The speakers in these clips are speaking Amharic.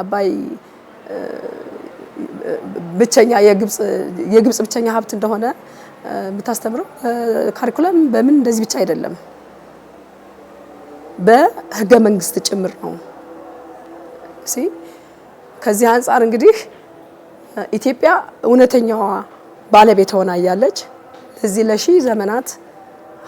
አባይ ብቸኛ የግብጽ ብቸኛ ሀብት እንደሆነ የምታስተምረው ካሪኩለም በምን እንደዚህ ብቻ አይደለም፣ በህገ መንግስት ጭምር ነው። ከዚህ አንጻር እንግዲህ ኢትዮጵያ እውነተኛዋ ባለቤት ሆና እያለች ለዚህ ለሺ ዘመናት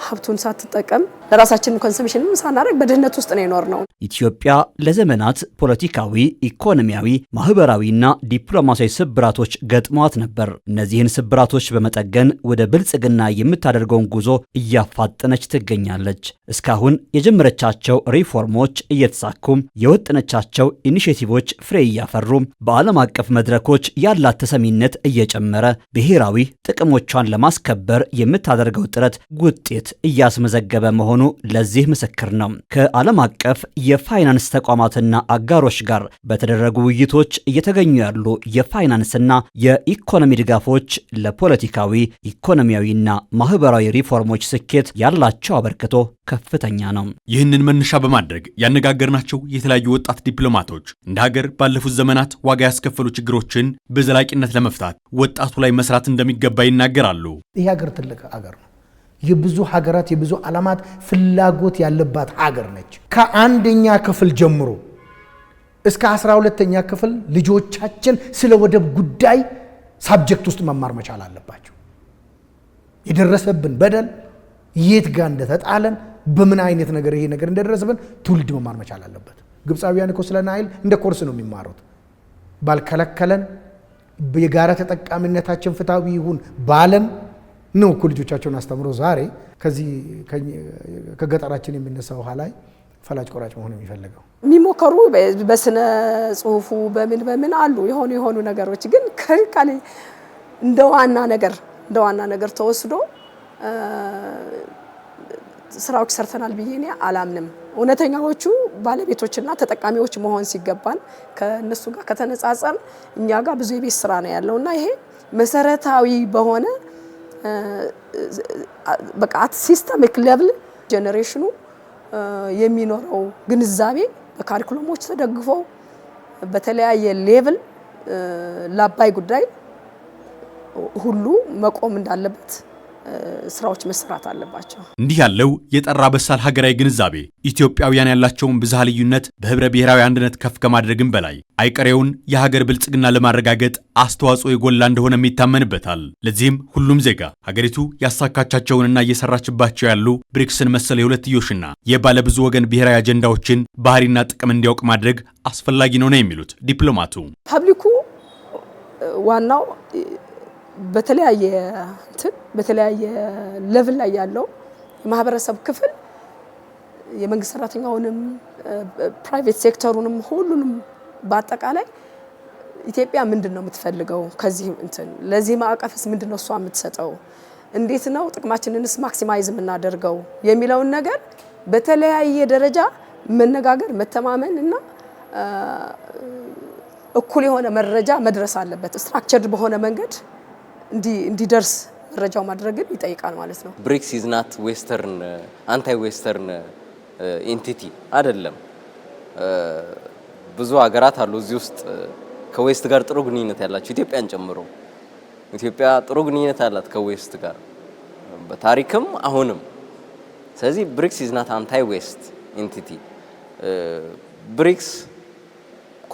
ሀብቱን ሳትጠቀም ለራሳችን ኮንሰምሽንም ሳናደርግ በድህነት ውስጥ ነው የኖርነው። ኢትዮጵያ ለዘመናት ፖለቲካዊ፣ ኢኮኖሚያዊ፣ ማህበራዊና ዲፕሎማሲያዊ ስብራቶች ገጥሟት ነበር። እነዚህን ስብራቶች በመጠገን ወደ ብልጽግና የምታደርገውን ጉዞ እያፋጠነች ትገኛለች። እስካሁን የጀመረቻቸው ሪፎርሞች እየተሳኩም፣ የወጠነቻቸው ኢኒሽቲቮች ፍሬ እያፈሩም፣ በዓለም አቀፍ መድረኮች ያላት ተሰሚነት እየጨመረ ብሔራዊ ጥቅሞቿን ለማስከበር የምታደርገው ጥረት ውጤት እያስመዘገበ መሆኑ ለዚህ ምስክር ነው። ከዓለም አቀፍ የፋይናንስ ተቋማትና አጋሮች ጋር በተደረጉ ውይይቶች እየተገኙ ያሉ የፋይናንስና የኢኮኖሚ ድጋፎች ለፖለቲካዊ ኢኮኖሚያዊና ማህበራዊ ሪፎርሞች ስኬት ያላቸው አበርክቶ ከፍተኛ ነው። ይህንን መነሻ በማድረግ ያነጋገርናቸው የተለያዩ ወጣት ዲፕሎማቶች እንደ ሀገር ባለፉት ዘመናት ዋጋ ያስከፈሉ ችግሮችን በዘላቂነት ለመፍታት ወጣቱ ላይ መስራት እንደሚገባ ይናገራሉ። ይህ ሀገር ትልቅ ሀገር ነው። የብዙ ሀገራት የብዙ ዓላማት ፍላጎት ያለባት ሀገር ነች። ከአንደኛ ክፍል ጀምሮ እስከ አስራ ሁለተኛ ክፍል ልጆቻችን ስለ ወደብ ጉዳይ ሳብጀክት ውስጥ መማር መቻል አለባቸው። የደረሰብን በደል የት ጋር እንደተጣለን በምን አይነት ነገር ይሄ ነገር እንደደረሰብን ትውልድ መማር መቻል አለበት። ግብፃዊያን እኮ ስለ ናይል እንደ ኮርስ ነው የሚማሩት። ባልከለከለን የጋራ ተጠቃሚነታችን ፍትሐዊ ይሁን ባለን ነው እኮ ልጆቻቸውን አስተምሮ ዛሬ ከዚህ ከገጠራችን የሚነሳ ውሃ ላይ ፈላጭ ቆራጭ መሆን የሚፈልገው የሚሞከሩ በስነ ጽሁፉ በምን በምን አሉ የሆኑ የሆኑ ነገሮች ግን ከልቃሌ እንደ ዋና ነገር እንደ ዋና ነገር ተወስዶ ስራዎች ሰርተናል ብዬ እኔ አላምንም። እውነተኛዎቹ ባለቤቶችና ተጠቃሚዎች መሆን ሲገባን ከእነሱ ጋር ከተነጻጸር እኛ ጋር ብዙ የቤት ስራ ነው ያለው እና ይሄ መሰረታዊ በሆነ በቃ አት ሲስተሚክ ሌቭል ጄኔሬሽኑ የሚኖረው ግንዛቤ በካሪኩለሞች ተደግፈው በተለያየ ሌቭል ለአባይ ጉዳይ ሁሉ መቆም እንዳለበት ስራዎች መስራት አለባቸው። እንዲህ ያለው የጠራ በሳል ሀገራዊ ግንዛቤ ኢትዮጵያውያን ያላቸውን ብዝሃ ልዩነት በህብረ ብሔራዊ አንድነት ከፍ ከማድረግም በላይ አይቀሬውን የሀገር ብልጽግና ለማረጋገጥ አስተዋጽኦ የጎላ እንደሆነም ይታመንበታል። ለዚህም ሁሉም ዜጋ ሀገሪቱ ያሳካቻቸውንና እየሰራችባቸው ያሉ ብሪክስን መሰል የሁለትዮሽና የባለብዙ ወገን ብሔራዊ አጀንዳዎችን ባህሪና ጥቅም እንዲያውቅ ማድረግ አስፈላጊ ነው ነው የሚሉት ዲፕሎማቱ ፐብሊኩ ዋናው በተለያየ እንትን በተለያየ ሌቭል ላይ ያለው የማህበረሰብ ክፍል የመንግስት ሰራተኛውንም ፕራይቬት ሴክተሩንም ሁሉንም በአጠቃላይ ኢትዮጵያ ምንድን ነው የምትፈልገው? ከዚህ እንትን ለዚህ ማዕቀፍስ ምንድን ነው እሷ የምትሰጠው? እንዴት ነው ጥቅማችንንስ ማክሲማይዝ የምናደርገው የሚለውን ነገር በተለያየ ደረጃ መነጋገር፣ መተማመን እና እኩል የሆነ መረጃ መድረስ አለበት ስትራክቸርድ በሆነ መንገድ እንዲደርስ መረጃው ማድረግን ይጠይቃል ማለት ነው። ብሪክስ ኢዝ ናት ዌስተርን አንታይ ዌስተርን ኤንቲቲ አይደለም። uh, ብዙ ሀገራት አሉ እዚህ ውስጥ uh, ከዌስት ጋር ጥሩ ግንኙነት ያላቸው ኢትዮጵያን ጨምሮ ኢትዮጵያ ጥሩ ግንኙነት አላት ከዌስት ጋር በታሪክም አሁንም። ስለዚህ ብሪክስ ኢዝ ናት አንታይ ዌስት ኤንቲቲ ብሪክስ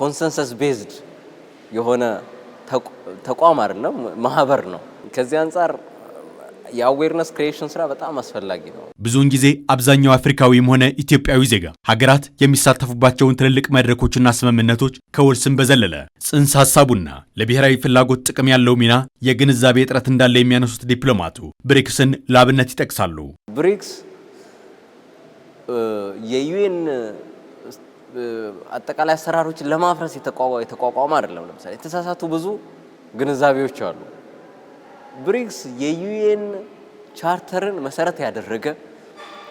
ኮንሰንሰስ ቤዝድ የሆነ ተቋም አይደለም ማህበር ነው። ከዚህ አንጻር የአዌርነስ ክሪኤሽን ስራ በጣም አስፈላጊ ነው። ብዙውን ጊዜ አብዛኛው አፍሪካዊም ሆነ ኢትዮጵያዊ ዜጋ ሀገራት የሚሳተፉባቸውን ትልልቅ መድረኮችና ስምምነቶች ከወልስን በዘለለ ጽንሰ ሀሳቡና ለብሔራዊ ፍላጎት ጥቅም ያለው ሚና የግንዛቤ እጥረት እንዳለ የሚያነሱት ዲፕሎማቱ ብሪክስን ለአብነት ይጠቅሳሉ። ብሪክስ የዩኤን አጠቃላይ አሰራሮችን ለማፍረስ የተቋቋመ አይደለም። ለምሳሌ የተሳሳቱ ብዙ ግንዛቤዎች አሉ። ብሪክስ የዩኤን ቻርተርን መሰረት ያደረገ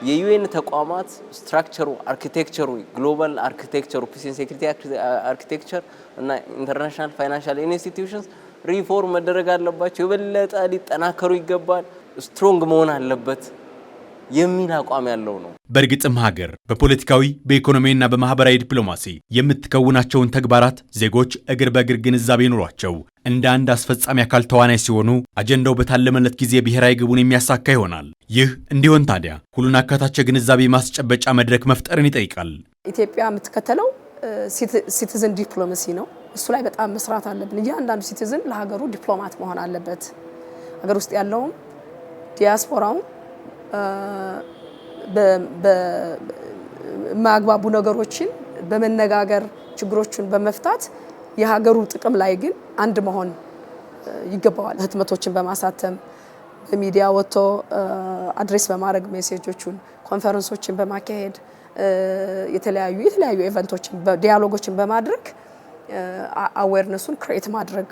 የዩኤን ተቋማት ስትራክቸሩ፣ አርኪቴክቸሩ፣ ግሎባል አርኪቴክቸሩ፣ ፒስ ሴኩሪቲ አርኪቴክቸር እና ኢንተርናሽናል ፋይናንሻል ኢንስቲትዩሽንስ ሪፎርም መደረግ አለባቸው። የበለጠ ሊጠናከሩ ይገባል። ስትሮንግ መሆን አለበት። የሚል አቋም ያለው ነው። በእርግጥም ሀገር በፖለቲካዊ በኢኮኖሚና በማህበራዊ ዲፕሎማሲ የምትከውናቸውን ተግባራት ዜጎች እግር በእግር ግንዛቤ ኑሯቸው እንደ አንድ አስፈጻሚ አካል ተዋናይ ሲሆኑ አጀንዳው በታለመለት ጊዜ ብሔራዊ ግቡን የሚያሳካ ይሆናል። ይህ እንዲሆን ታዲያ ሁሉን አካታች ግንዛቤ ማስጨበጫ መድረክ መፍጠርን ይጠይቃል። ኢትዮጵያ የምትከተለው ሲቲዝን ዲፕሎማሲ ነው። እሱ ላይ በጣም መስራት አለብን። እያንዳንዱ ሲቲዝን ለሀገሩ ዲፕሎማት መሆን አለበት። ሀገር ውስጥ ያለውም ዲያስፖራውም ማግባቡ ነገሮችን በመነጋገር ችግሮችን በመፍታት የሀገሩ ጥቅም ላይ ግን አንድ መሆን ይገባዋል። ህትመቶችን በማሳተም በሚዲያ ወጥቶ አድሬስ በማድረግ ሜሴጆቹን፣ ኮንፈረንሶችን በማካሄድ የተለያዩ የተለያዩ ኢቨንቶችን ዲያሎጎችን በማድረግ አዌርነሱን ክሬት ማድረግ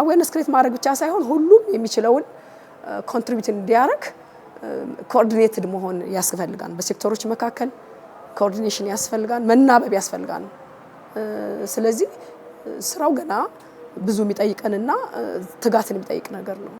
አዌርነስ ክሬት ማድረግ ብቻ ሳይሆን ሁሉም የሚችለውን ኮንትሪቢዩት እንዲያደርግ ኮኦርዲኔትድ መሆን ያስፈልጋል። በሴክተሮች መካከል ኮኦርዲኔሽን ያስፈልጋል፣ መናበብ ያስፈልጋል። ስለዚህ ስራው ገና ብዙ የሚጠይቀንና ትጋትን የሚጠይቅ ነገር ነው።